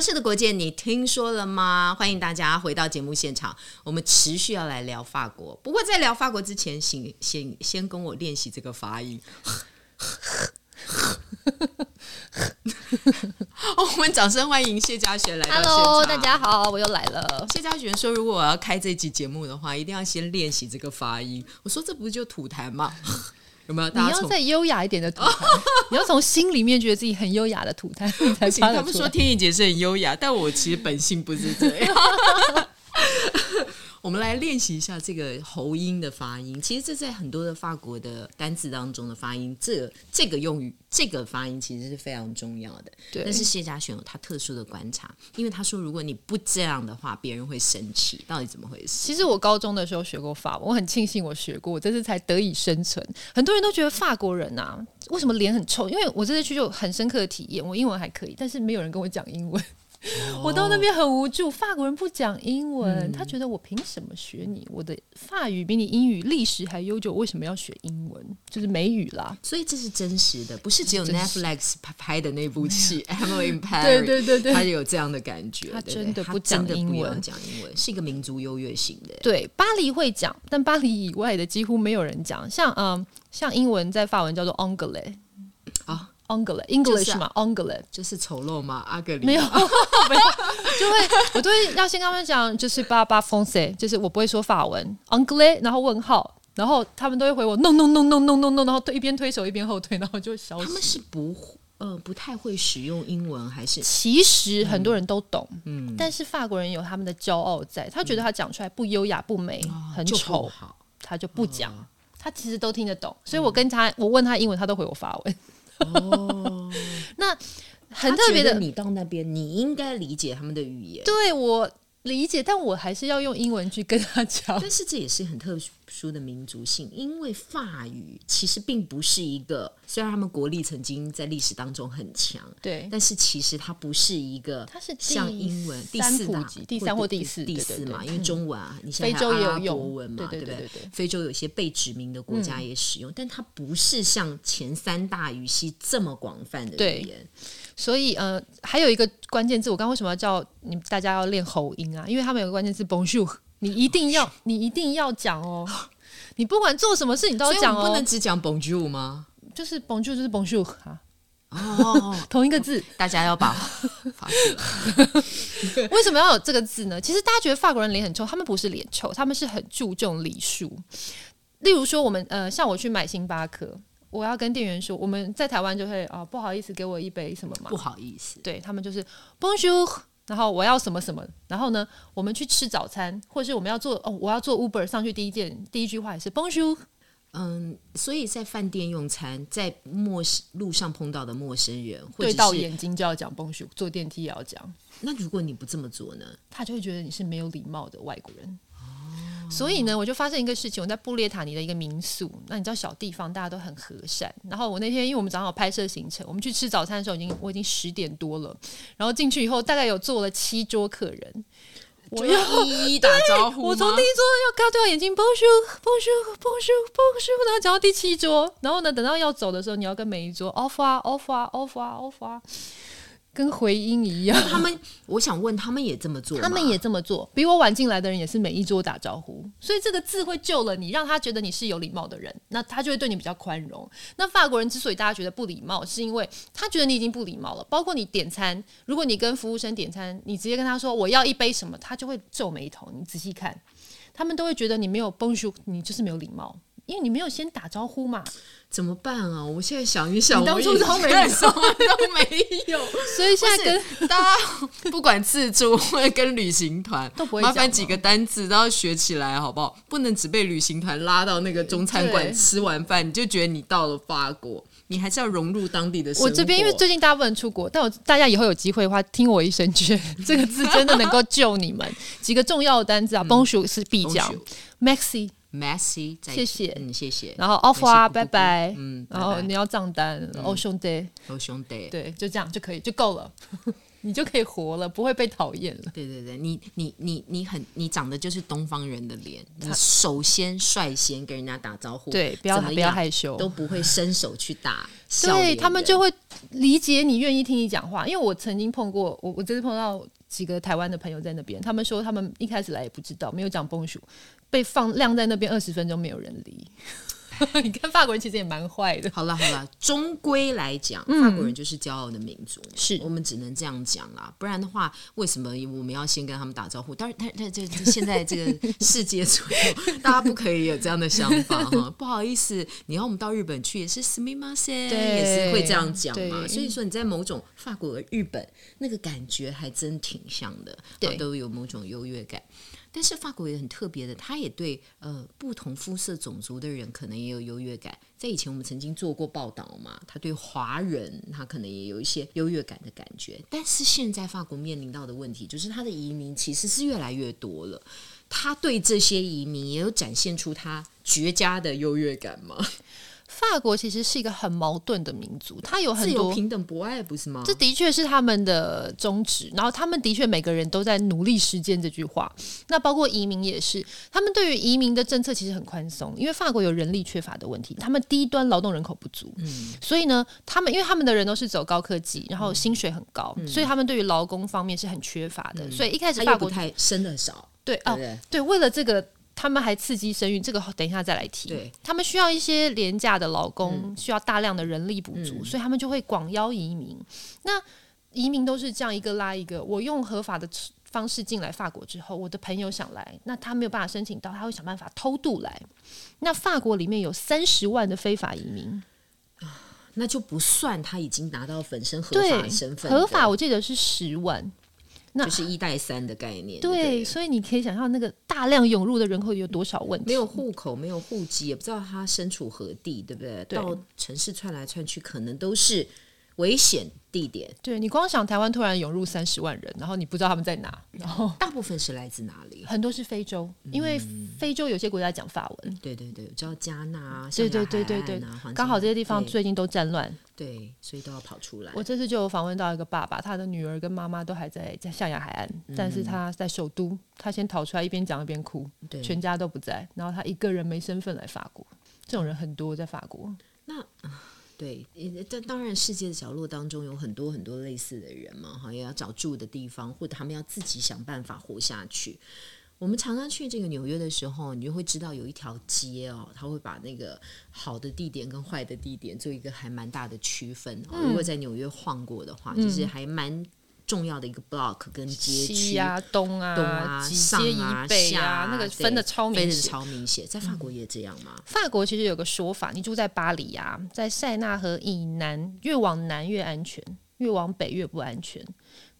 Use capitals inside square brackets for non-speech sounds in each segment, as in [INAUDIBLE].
消失的國界，你聽說了嗎？歡迎大家回到節目現場。我們持續要來聊法國，不過在聊法國之前，先先先跟我練習這個發音。哦，我們掌聲歡迎謝佳賢來到現場。Hello, 大家好，我又來了。謝佳賢說：“如果我要開這集節目的話，一定要先練習這個發音。”我說：“這不是就吐痰嗎？” [LAUGHS] 有沒有？你要再優雅一點的吐痰，哦，你要從心裡面覺得自己很優雅的吐痰才行。他們說天意姐是很優雅，但我其實本性不是這樣。 [LAUGHS] [LAUGHS] 我們來練習一下這個喉音的發音。其實這在很多的法國的單詞當中的發音，這這個用語這個發音其實是非常重要的。對但是謝嘉璇有他特殊的觀察，因為他說，如果你不這樣的話，別人會生氣。到底怎麼回事？其實我高中的時候學過法文，我很慶幸我學過，我這次才得以生存。很多人都覺得法國人吶、啊，為什麼臉很臭？因為我這次去就很深刻的體驗，我英文還可以，但是沒有人跟我講英文。Oh, 我到那邊很無助，法國人不講英文，嗯、他覺得我憑什麼學你？我的法語比你英語歷史還悠久，我為什麼要學英文？就是美語啦，所以這是真實的，不是只有 Netflix 拍的那部戲。Emily in Paris 對對對，他有這樣的感覺，他真的不講英文，講英文是一個民族優越性的。對，巴黎會講，但巴黎以外的幾乎沒有人講。像嗯，像英文在法文叫做 anglais Anglais English 嗎？Anglais 就是醜陋嗎？阿格里，沒有沒有，就會我都會要先跟他們講，就是爸爸說就是我不會說法文，Anglais，然後問號，然後他們都會回我 no no no no no no no，然後一邊推手一邊後退，然後就消失。他們是不呃不太會使用英文，還是其實很多人都懂，嗯，但是法國人有他們的驕傲，在他覺得他講出來不優雅不美，很醜，他就不講。他其實都聽得懂，所以我跟他我問他英文，他都回我法文。哦， [LAUGHS] [LAUGHS] 那很特別的。你到那邊，你應該理解他們的語言。對我。理解，但我還是要用英文去跟他講。但是這也是很特殊的民族性，因為法語其實並不是一個，雖然他們國力曾經在歷史當中很強，對，但是其實它不是一個，它是像英文第，第四大，第三或第四，第，第四嘛，對對對，因為中文啊，你像阿拉伯文嘛，對，對，對，對，對不對？非洲有些被殖民的國家，也使用，嗯，但它不是像前三大語系這麼廣泛的語言。所以，呃，還有一個關鍵字，我剛為什麼要叫你大家要練喉音啊？因為他們有個關鍵字 “bonjour”，、oh. 你一定要，你一定要講哦。 [LAUGHS] 你不管做什麼事你都要講、哦，不能只講 “bonjour” 嗎？就是 “bonjour” 就是 “bonjour” 哦， [LAUGHS] oh. [LAUGHS] 同一個字，大家要把。 [LAUGHS] [LAUGHS] 為什麼要有這個字呢？其實大家覺得法國人臉很臭，他們不是臉臭，他們是很注重禮數。例如說，我們呃，像我去買星巴克。我要跟店員說，我們在台灣就會啊，不好意思，給我一杯什麼嘛？不好意思，對他們就是 Bonjour，然後我要什麼什麼，然後呢，我們去吃早餐，或是我們要坐哦，我要坐 Uber 上去，第一件第一句話也是 Bonjour。嗯，所以在飯店用餐，在陌路上碰到的陌生人，對到眼睛就要講 Bonjour，坐電梯也要講。那如果你不這麼做呢，他就會覺得你是沒有禮貌的外國人。所以呢，我就發生一個事情，我在布列塔尼的一個民宿，那你知道小地方大家都很和善。然後我那天因為我們早上有拍攝行程，我們去吃早餐的時候已經我已經十點多了，然後進去以後大概有坐了七桌客人，我要一一打招呼。我從第一桌要嘎掉眼睛，Bonjour，Bonjour，Bonjour，Bonjour，然後講到第七桌，然後呢等到要走的時候，你要跟每一桌 Au revoir，Au revoir，Au revoir，Au revoir。跟回音一樣，他們我想問，他們也這麼做，他們也這麼做。比我晚進來的人也是每一桌打招呼，所以這個字會救了你，讓他覺得你是有禮貌的人，那他就會對你比較寬容。那法國人之所以大家覺得不禮貌，是因為他覺得你已經不禮貌了。包括你點餐，如果你跟服務生點餐，你直接跟他說我要一杯什麼，他就會皺眉頭。你仔細看，他們都會覺得你沒有 Bonjour，你就是沒有禮貌。因為你沒有先打招呼嘛，怎麼辦啊？我現在想一想，我當初都沒說，我現在什麼都沒有， [LAUGHS] 所以現在跟不是大家不管自助或跟旅行團麻煩幾個單字，然後學起來好不好？不能只被旅行團拉到那個中餐館吃完飯，對你就覺得你到了法國，你還是要融入當地的生活。我這邊因為最近大家不能出國，但我大家以後有機會的話，聽我一聲勸，這個字真的能夠救你們 [LAUGHS] 幾個重要的單字啊。Bonjour、嗯、是必講，Maxi。書 Messy，再謝謝，嗯，謝謝。然後 offer 拜拜，嗯，然後你要賬單，哦兄弟，哦兄弟，對，就這樣就可以，就夠了，你就可以活了，不會被討厭了。對對對，你你你你很，你長的就是東方人的臉，你首先率先跟人家打招呼，對，不要不要害羞，都不會伸手去打，對他們就會理解你願意聽你講話，因為我曾經碰過，我我這次碰到。幾個台灣的朋友在那邊，他們說他們一開始來也不知道，沒有講 Bonjour，被放晾在那邊二十分鐘，沒有人理。 [LAUGHS] 你看法國人其實也蠻壞的。好了好了，終歸來講，嗯、法國人就是驕傲的民族，是我們只能這樣講啦。不然的話，為什麼我們要先跟他們打招呼？當然，他他這現在這個世界中， [LAUGHS] 大家不可以有這樣的想法哈。不好意思，你要我們到日本去也是斯密馬線。對，也是會這樣講嘛。對所以說，你在某種法國和日本那個感覺還真挺像的，對、啊，都有某種優越感。但是法國也很特別的，他也對呃不同膚色、種族的人可能也有優越感。在以前我們曾經做過報道嘛，他對華人他可能也有一些優越感的感覺。但是現在法國面臨到的問題就是他的移民其實是越來越多了，他對這些移民也有展現出他絕佳的優越感嗎？法國其實是一個很矛盾的民族，它有很多自由平等博愛，不是嗎？這的確是他們的宗旨。然後他們的確每個人都在努力實踐這句話。那包括移民也是，他們對於移民的政策其實很寬鬆，因為法國有人力缺乏的問題，他們低端勞動人口不足。嗯，所以呢，他們因為他們的人都是走高科技，然後薪水很高，嗯、所以他們對於勞工方面是很缺乏的。嗯、所以一開始法國太生的少，對啊，哦、對，對，對，為了這個。他們還刺激生育，這個等一下再來提。對他們需要一些廉價的勞工，嗯、需要大量的人力補助，嗯、所以他們就會廣邀移民。那移民都是這樣一個拉一個，我用合法的方式進來法國之後，我的朋友想來，那他沒有辦法申請到，他會想辦法偷渡來。那法國裡面有三十萬的非法移民，那就不算他已經拿到本身合法的身份分。合法我記得是十萬，那就是一帶三的概念。那對，對，所以你可以想象那個。大量湧入的人口有多少問題？沒有戶口，沒有戶籍，也不知道他身處何地，對不對？對。到城市竄來竄去，可能都是。危險地點，對，你光想台灣突然湧入三十萬人，然後你不知道他們在哪，然後大部分是來自哪裡？很多是非洲，因為非洲有些國家講法文。嗯，對對對，叫加納啊，對對對對對，剛好這些地方最近都戰亂，對，所以都要跑出來。我這次就訪問到一個爸爸，他的女兒跟媽媽都還在在象牙海岸，嗯，但是他在首都，他先逃出來，一邊講一邊哭，對，全家都不在，然後他一個人沒身份來法國，這種人很多在法國。那。對，當然世界的角落當中有很多很多類似的人嘛，哈，也要找住的地方，或者他們要自己想辦法活下去。我們常常去這個紐約的時候，你就會知道有一條街哦，他會把那個好的地點跟壞的地點做一個還蠻大的區分。嗯，如果在紐約晃過的話，就是還蠻重要的一個 block 跟街區，西啊東啊，東啊，啊西啊北啊，啊那個分的超明，明超明顯。在法國也這樣嗎？嗯？法國其實有個說法，你住在巴黎啊，在塞納河以南，越往南越安全，越往北越不安全。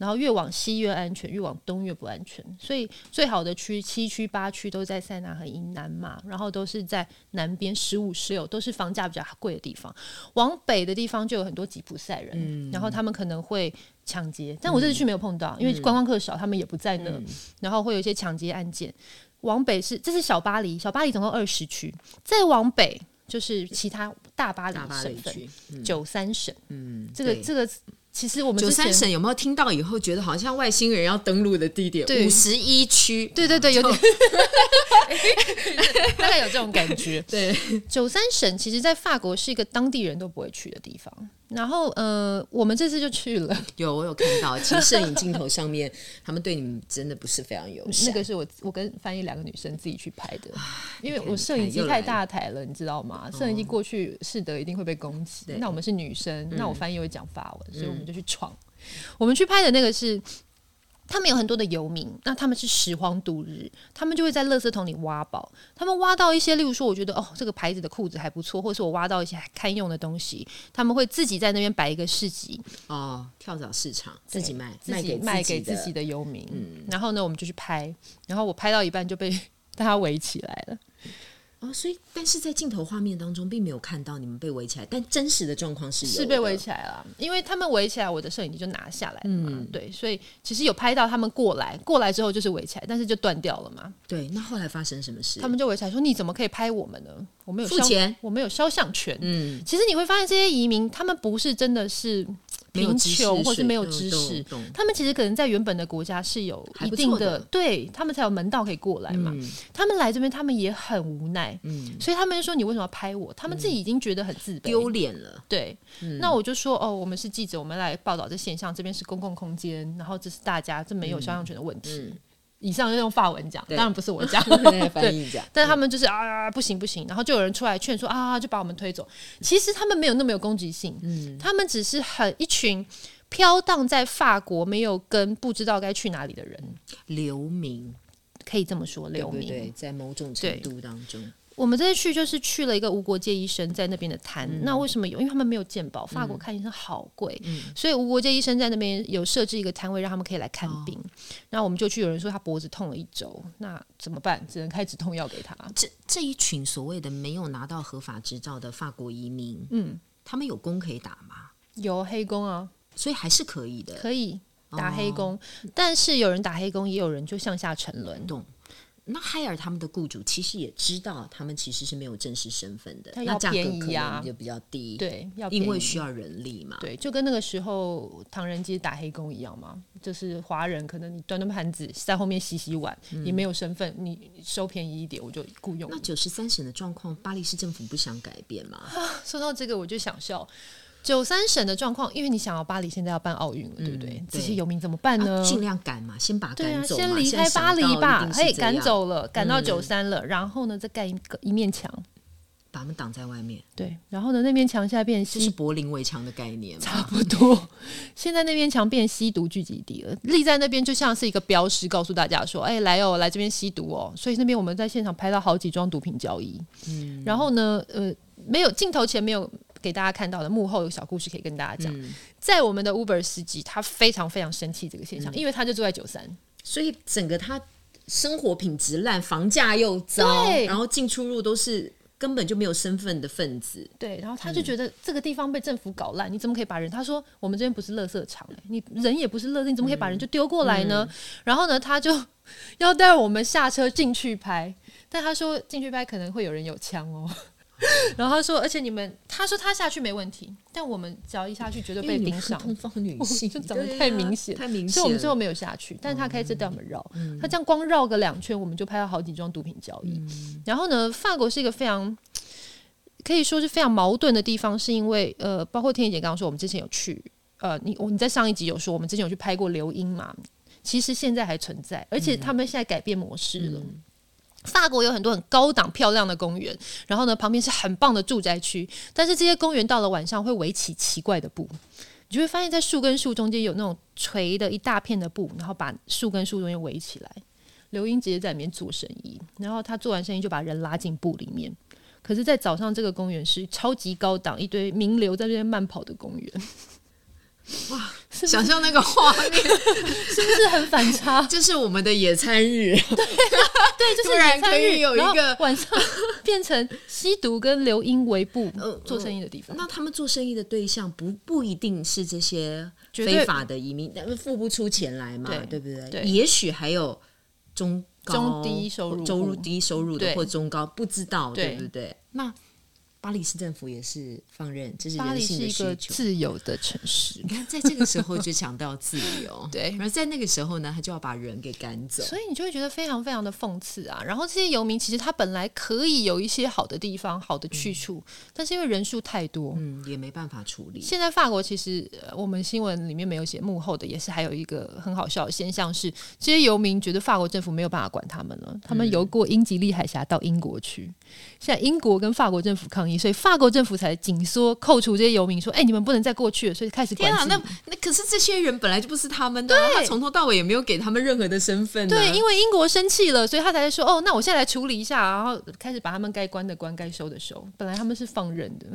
然後越往西越安全，越往東越不安全。所以最好的區七區八區都在塞納河以南嘛，然後都是在南邊十五十六都是房價比較貴的地方。往北的地方就有很多吉普賽人，嗯、然後他們可能會搶劫，但我這次去沒有碰到，嗯、因為觀光客少，他們也不在那。嗯、然後會有一些搶劫案件。往北是這是小巴黎，小巴黎總共二十區。再往北就是其他大巴黎省份九三省。嗯，這個、嗯、這個。其實我們九三省，有沒有聽到以後覺得好像外星人要登陸的地點？對，五十一區。對對對，有點 [LAUGHS] [LAUGHS] 大概有這種感覺。對，九三省其實，在法國是一個當地人都不會去的地方。然後，呃，我們這次就去了。有我有看到，其實攝影鏡頭上面， [LAUGHS] 他們對你們真的不是非常友善。那個是我，我跟翻譯兩個女生自己去拍的，因為我攝影機太大台了，你看,你看,又來了,你知道嗎？攝影機過去，哦、是的，一定會被攻擊。對那我們是女生，那我翻譯會講法文，嗯、所以我們就去闖。嗯、我們去拍的那個是。他們有很多的遊民，那他們是拾荒度日，他們就會在垃圾桶裡挖寶，他們挖到一些，例如說，我覺得哦，這個牌子的褲子還不錯，或者是我挖到一些還堪用的東西，他們會自己在那邊擺一個市集，哦，跳蚤市場，對自己賣，賣給自己賣給自己的遊民。嗯，然後呢，我們就去拍，然後我拍到一半就被大家圍起來了。哦，所以但是在鏡頭畫面當中並沒有看到你們被圍起來，但真實的狀況是有，是被圍起來了，因為他們圍起來，我的攝影機就拿下來了。嗯，對，所以其實有拍到他們過來，過來之後就是圍起來，但是就斷掉了嘛。對，那後來發生什麼事？他們就圍起來說：“你怎麼可以拍我們呢？我沒有付錢，我沒有肖像權。”嗯，其實你會發現這些移民，他們不是真的是。貧窮或是沒有知識，他們其實可能在原本的國家是有一定的，的對他們才有門道可以過來嘛。嗯、他們來這邊，他們也很無奈，嗯、所以他們就說：“你為什麼要拍我？”他們自己已經覺得很自卑、嗯、丟臉了。對，嗯、那我就說：“哦，我們是記者，我們來報道這現象。這邊是公共空間，然後這是大家，這沒有肖像權的問題。嗯”嗯以上就用法文講，對當然不是我講，翻譯講，但他們就是啊，嗯、不行不行，然後就有人出來勸說啊，就把我們推走。其實他們沒有那麼有攻擊性，嗯，他們只是很一群飄蕩在法國、沒有跟不知道該去哪裡的人，流民明可以這麼說，流民對對對，在某種程度當中。我們這次去就是去了一個無國界醫生在那邊的攤，嗯、那為什麼有？因為他們沒有健保，法國看醫生好貴，嗯、所以無國界醫生在那邊有設置一個攤位，讓他們可以來看病。那、哦、我們就去，有人說他脖子痛了一周，那怎麼辦？只能開止痛藥給他。這這一群所謂的沒有拿到合法執照的法國移民，嗯，他們有工可以打嗎？有黑工啊、哦，所以還是可以的，可以打黑工。哦、但是有人打黑工，也有人就向下沉淪。動那海爾他們的雇主其實也知道，他們其實是沒有正式身份的，要價、啊、價格可能就比較低，啊、對，要因為需要人力嘛，對，就跟那個時候唐人街打黑工一樣嘛，就是華人可能你端端盤子，在後面洗洗碗，你、嗯、沒有身份你，你收便宜一點我就僱傭。那九十三省的狀況，巴黎市政府不想改變嗎？啊、說到這個，我就想笑。九三省的狀況，因為你想要巴黎現在要辦奧運了，對不對？嗯、對這些遊民怎麼辦呢？儘、啊、量趕嘛，先把趕走嘛對、啊、先離開巴黎吧。哎，趕走了，趕到九三了，嗯、然後呢，再蓋一個一面牆，把他們擋在外面。對，然後呢，那面牆現在變成這是柏林圍牆的概念，差不多。現在那面牆變成吸毒聚集地了， [LAUGHS] 立在那邊就像是一個標識，告訴大家說：“哎，來哦，來這邊吸毒哦。”所以那邊我們在現場拍到好幾樁毒品交易。嗯，然後呢，呃，沒有鏡頭前沒有。給大家看到的幕後有小故事可以跟大家講，嗯、在我們的 Uber 司機他非常非常生氣這個現象，嗯、因為他就住在九三，所以整個他生活品質爛，房價又糟，對然後進出入都是根本就沒有身份的分子。對，然後他就覺得這個地方被政府搞爛，嗯、你怎麼可以把人？他說我們這邊不是垃圾場，你人也不是垃圾，你怎麼可以把人就丟過來呢？嗯嗯、然後呢，他就要帶我們下車進去拍，但他說進去拍可能會有人有槍哦。 [LAUGHS] 然後他說，而且你們他說他下去沒問題，但我們只要一下去絕對被盯上。東方女，女性、哦、就長得太明顯，啊、太明顯。所以我們最後沒有下去，但是他開車帶我們繞，嗯、他這樣光繞個兩圈，我們就拍了好幾樁毒品交易。嗯、然後呢，法國是一個非常可以說是非常矛盾的地方，是因為呃，包括天野姐剛剛說，我們之前有去，呃，你我你在上一集有說，我們之前有去拍過流鶯嘛，其實現在還存在，而且他們現在改變模式了。嗯嗯法國有很多很高檔、漂亮的公園，然後呢，旁邊是很棒的住宅區。但是這些公園到了晚上會圍起奇怪的布，你就會發現，在樹跟樹中間有那種垂的一大片的布，然後把樹跟樹中間圍起來。流鶯直接在裡面做生意，然後他做完生意就把人拉進布裡面。可是，在早上這個公園是超級高檔，一堆名流在這邊慢跑的公園。哇，想象那個畫面是不是很反差？這是我們的野餐日，對對，就是野餐日可以有一個晚上變成吸毒跟流鶯圍布做生意的地方。那他們做生意的對象不不一定是這些非法的移民，他們付不出錢來嘛，對不對？也許還有中高中低收入、收入低收入的或中高不知道，對不對？那。巴黎市政府也是放任。這是巴黎是一個自由的城市。你 [LAUGHS] 看對，在這個時候就強調自由，對。而在那個時候呢，他就要把人給趕走，所以你就會覺得非常非常的諷刺啊。然後這些遊民其實他本來可以有一些好的地方、好的去處，嗯、但是因為人數太多，嗯，也沒辦法處理。現在法國其實我們新聞裡面沒有寫幕後的，也是還有一個很好笑的現象是，這些遊民覺得法國政府沒有辦法管他們了，他們游過英吉利海峽到英國去。現在、嗯、英國跟法國政府抗。所以法國政府才緊縮扣除這些遊民，說：“哎、欸，你們不能再過去了。”所以開始關了。天啊，那那可是這些人本來就不是他們的、啊，對他從頭到尾也沒有給他們任何的身份、啊。對，因為英國生氣了，所以他才說：“哦，那我現在來處理一下，然後開始把他們該關的關，該收的收。本來他們是放任的。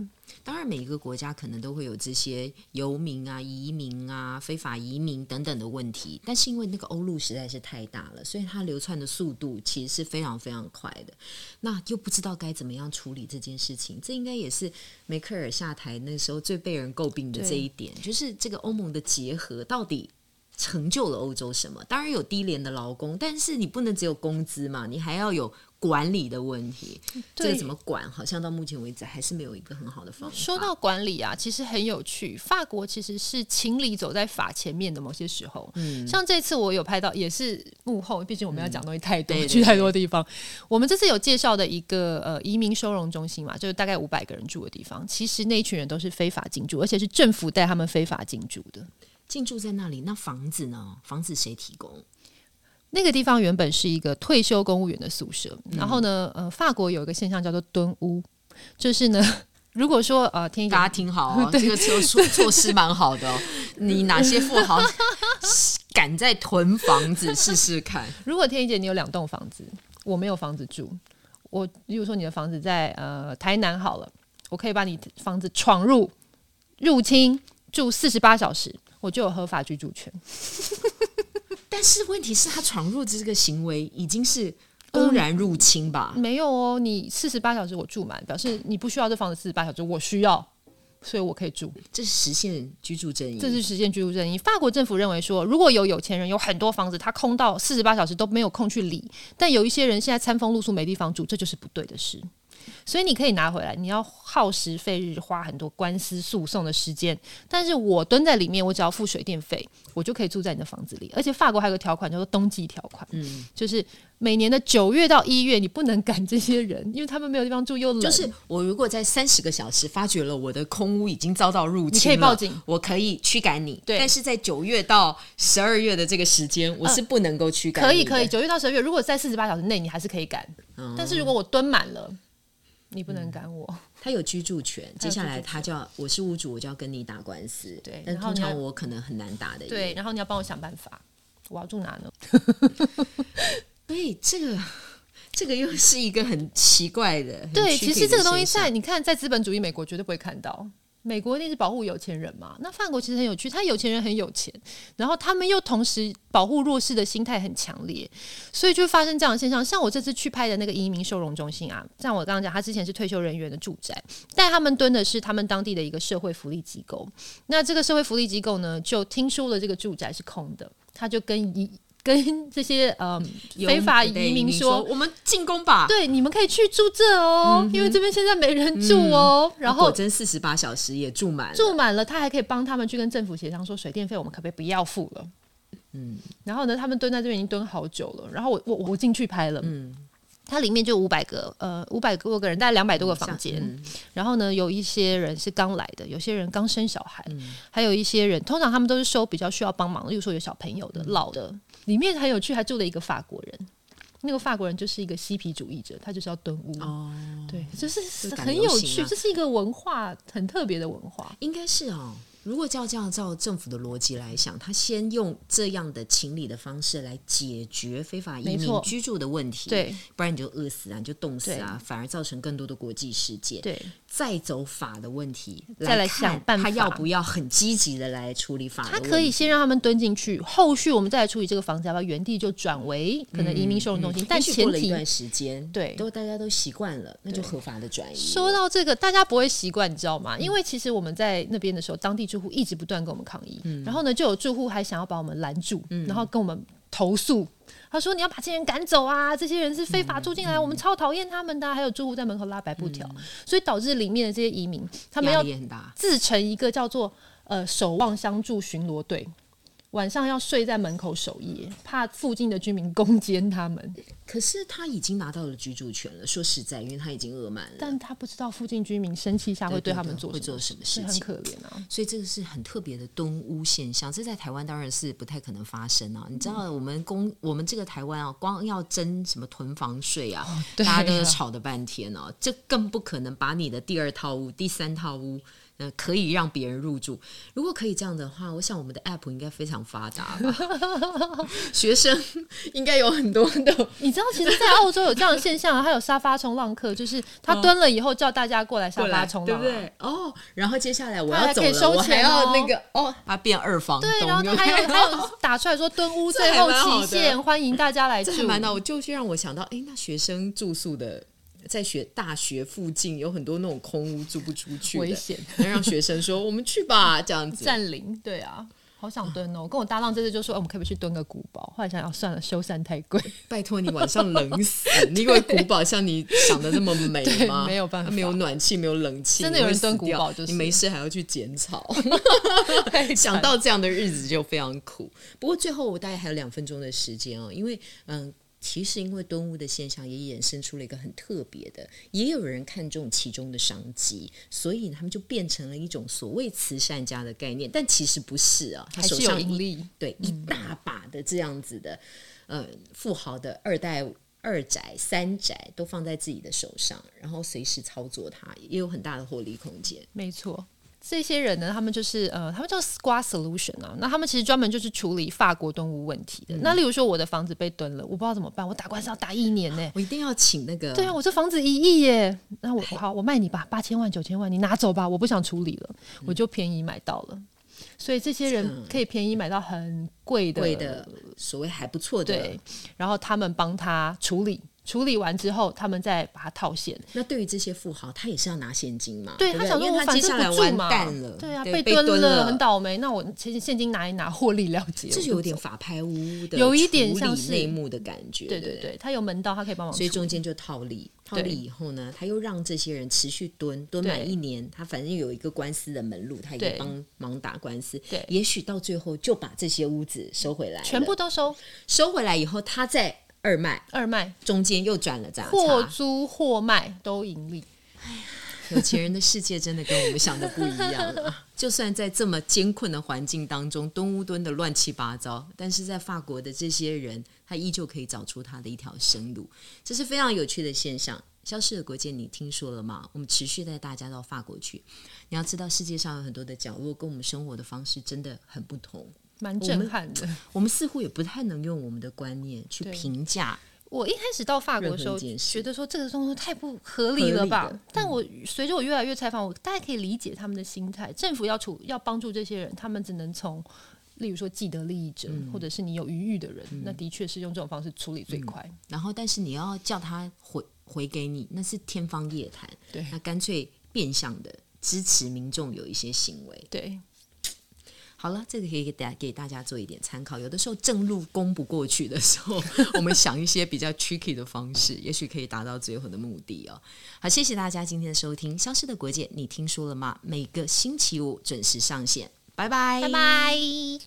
當然，每一個國家可能都會有這些遊民啊、移民啊、非法移民等等的問題，但是因為那個歐陸實在是太大了，所以他流竄的速度其實是非常非常快的。那又不知道該怎麼樣處理這件事情。這應該也是梅克爾下台那時候最被人詬病的這一點，對就是這個歐盟的結合到底。成就了歐洲什麼？當然有低廉的勞工，但是你不能只有工資嘛，你還要有管理的問題。嗯、這個怎麼管？好像到目前為止還是沒有一個很好的方法。說到管理啊，其實很有趣。法國其實是情理走在法前面的某些時候。嗯，像這次我有拍到，也是幕後，畢竟我們要講東西太多了、嗯，這些，去太多地方。我們這次有介紹的一個呃移民收容中心嘛，就是大概五百個人住的地方。其實那一群人都是非法進駐，而且是政府帶他們非法進駐的。進駐在那裡，那房子呢？房子誰提供？那個地方原本是一個退休公務員的宿舍。然後呢，嗯、呃，法國有一個現象叫做“蹲屋”，就是呢，如果說呃，天一，大家聽好、喔、對這個措措措施蠻好的、喔。你哪些富豪 [LAUGHS] 敢在囤房子試試看？如果天一姐你有兩棟房子，我沒有房子住，我如果說你的房子在呃台南好了，我可以把你房子闖入入侵住四十八小時。我就有合法居住權， [LAUGHS] 但是問題是他闖入這個行為已經是公然入侵吧？呃，沒有哦，你四十八小時我住滿，表示你不需要這房子，四十八小時我需要，所以我可以住，這是實現居住正義。這是實現居住正義。法國政府認為說，如果有有錢人有很多房子，他空到四十八小時都沒有空去理，但有一些人現在餐風露宿沒地方住，這就是不對的事。所以你可以拿回來，你要耗時費日花很多官司訴訟的時間。但是我蹲在裡面，我只要付水電費，我就可以住在你的房子裡。而且法國還有個條款叫做冬季條款，嗯，就是每年的九月到一月，你不能趕這些人，因為他們沒有地方住又冷。就是我如果在三十個小時發覺了我的空屋已經遭到入侵，你可以報警，我可以驅趕你。對，但是在九月到十二月的這個時間，我是不能夠驅趕。可以可以，九月到十二月，如果在四十八小時內你還是可以趕，嗯，但是如果我蹲滿了。你不能趕我，嗯，他有居住權。住權，接下來他就要，我是屋主，我就要跟你打官司。對，但通常我可能很難打的。對，然後你要幫我想辦法，嗯，我要住哪呢？所以 [LAUGHS] 這個，這個又是一個很奇怪的。的對，其實這個東西在你看，在資本主義美國絕對不會看到。美國一定是保護有錢人嘛？那法國其實很有趣，他有錢人很有錢，然後他們又同時保護弱勢的心態很強烈，所以就發生這樣的現象。像我這次去拍的那個移民收容中心啊，像我剛剛講，他之前是退休人員的住宅，但他們蹲的是他們當地的一個社會福利機構。那這個社會福利機構呢，就聽說了這個住宅是空的，他就跟一。跟這些呃非法移民說：“我們進攻吧，對，你們可以去住這哦，因為這邊現在沒人住哦。然後真四十八小時也住滿，住滿了，他還可以幫他們去跟政府協商，說水電費我們可不可以不要付了？嗯，然後呢，他們蹲在這邊已經蹲好久了。然後我我我進去拍了，嗯，它裡面就五百個呃五百多個人，大概兩百多個房間。然後呢，有一些人是剛來的，有些人剛生小孩，還有一些人，通常他們都是收比較需要幫忙，例如說有小朋友的、老的。”裡面很有趣，還住了一個法國人。那個法國人就是一個嬉皮主義者，他就是要蹲屋。哦、對，就是很有趣，有啊、這是一個文化，很特別的文化，應該是啊、哦。如果照這樣照政府的邏輯來想，他先用這樣的情理的方式來解決非法移民居住的問題，對，不然你就餓死啊，你就凍死啊，反而造成更多的國際事件。對，再走法的問題，再來想辦法，他要不要很積極的來處理法的問題。他可以先讓他們蹲進去，後續我們再來處理這個房子，然後原地就轉為可能移民收容中心，但前提過了一段時間，對，都大家都習慣了，那就合法的轉移。說到這個，大家不會習慣，你知道嗎？因為其實我們在那邊的時候，當地住。住戶一直不斷跟我們抗議，嗯、然後呢，就有住戶還想要把我們攔住，嗯、然後跟我們投訴，他說：“你要把這些人趕走啊！這些人是非法住進來，嗯嗯、我們超討厭他們的、啊。”還有住戶在門口拉白布條，嗯、所以導致裡面的這些移民，他們要自成一個叫做“呃，守望相助巡邏隊”。晚上要睡在門口守夜，怕附近的居民攻堅他們。可是他已經拿到了居住權了。說實在，因為他已經餓滿了，但他不知道附近居民生氣下會對他們做什麼，對對對做什麼事情，可憐、啊、所以這個是很特別的蹲屋現象，這在台灣當然是不太可能發生啊。你知道我們公我們這個台灣啊，光要徵什麼囤房稅啊，哦、啊大家都要吵的半天哦、啊。這更不可能把你的第二套屋、第三套屋。呃，可以讓別人入住。如果可以這樣的話，我想我們的 app 應該非常發達吧？ [LAUGHS] 學生應該有很多的。你知道，其實，在澳洲有這樣的現象， [LAUGHS] 還有沙發衝浪客，就是他蹲了以後叫大家過來沙發衝浪，對不對，對？哦，然後接下來我要走了收錢哦要、那個，哦，那個哦，他變二房東。對，然後他還有還有、哦、打出來說蹲屋最後期限，歡迎大家來這這蠻的，我就去、是、讓我想到，哎、欸，那學生住宿的。在學大學附近有很多那種空屋租不出去的，危險險，能讓學生說我們去吧，這樣子佔領。對啊，好想蹲哦、喔！啊、跟我搭檔這次就說、欸，我們可不可以去蹲個古堡？後來想想算了，修繕太貴。拜託你晚上冷死！ [LAUGHS] 對你以為古堡像你想的那麼美嗎？沒有辦法，啊、沒有暖氣，沒有冷氣，真的有人蹲古堡就是。你沒事還要去剪草， [LAUGHS] 了想到這樣的日子就非常苦。不過最後我大概還有兩分鐘的時間啊、喔，因為嗯。其實，因為蹲屋的現象也衍生出了一個很特別的，也有人看中其中的商機，所以他們就變成了一種所謂慈善家的概念，但其實不是啊，他手上一有力對一大把的這樣子的，呃、嗯嗯，富豪的二代、二宅、三宅都放在自己的手上，然後隨時操作它，也有很大的獲利空間。沒錯。這些人呢，他們就是呃，他們叫 squat solution 啊。那他們其實專門就是處理法國蹲屋問題的。嗯、那例如說我的房子被蹲了，我不知道怎麼辦，我打官司要打一年呢、欸啊。我一定要請那個。對啊，我這房子一億耶，那我好，嘿我賣你吧，八千萬九千萬，你拿走吧，我不想處理了，嗯、我就便宜買到了。所以這些人可以便宜買到很貴的，貴的，所謂還不錯的對，然後他們幫他處理。處理完之後，他們再把它套現。那對於這些富豪，他也是要拿現金嘛？對，他想說，接下來完蛋了，對啊，被蹲了，很倒霉。那我現現金拿一拿，獲利了結，這是有點法拍屋的，有一點像是內幕的感覺。對對對，他有門道，他可以幫我。所以中間就套利，套利以後呢，他又讓這些人持續蹲蹲滿一年，他反正有一個官司的門路，他也幫忙打官司，也許到最後就把這些屋子收回來，全部都收收回來以後，他再。二賣二賣麥，中間又轉了茶茶，這樣。或租或賣都盈利。哎、呀有錢人的世界真的跟我們想的不一樣，啊。 [LAUGHS] 就算在這麼艱困的環境當中，蹲屋蹲的亂七八糟，但是在法國的這些人，他依舊可以找出他的一條生路。這是非常有趣的現象。消失的國界，你聽說了嗎？我們持續帶大家到法國去。你要知道，世界上有很多的角落跟我們生活的方式真的很不同。蠻震撼的我。我們似乎也不太能用我們的觀念去評價。我一開始到法國的時候，覺得說這個東西太不合理了吧？嗯、但我隨着我越來越採訪，我大概可以理解他們的心態。政府要處要幫助這些人，他們只能從，例如說既得利益者，嗯、或者是你有餘裕的人，那的確是用這種方式處理最快。嗯嗯、然後，但是你要叫他回回給你，那是天方夜譚。對，那乾脆變相的支持民眾有一些行為。對。好了，這個可以給大給大家做一點參考。有的時候正路攻不過去的時候， [LAUGHS] 我們想一些比較 tricky 的方式，也許可以達到最後的目的哦。好，謝謝大家今天的收聽，《消失的國界》，你聽說了嗎？每個星期五準時上線，拜拜 bye，拜拜。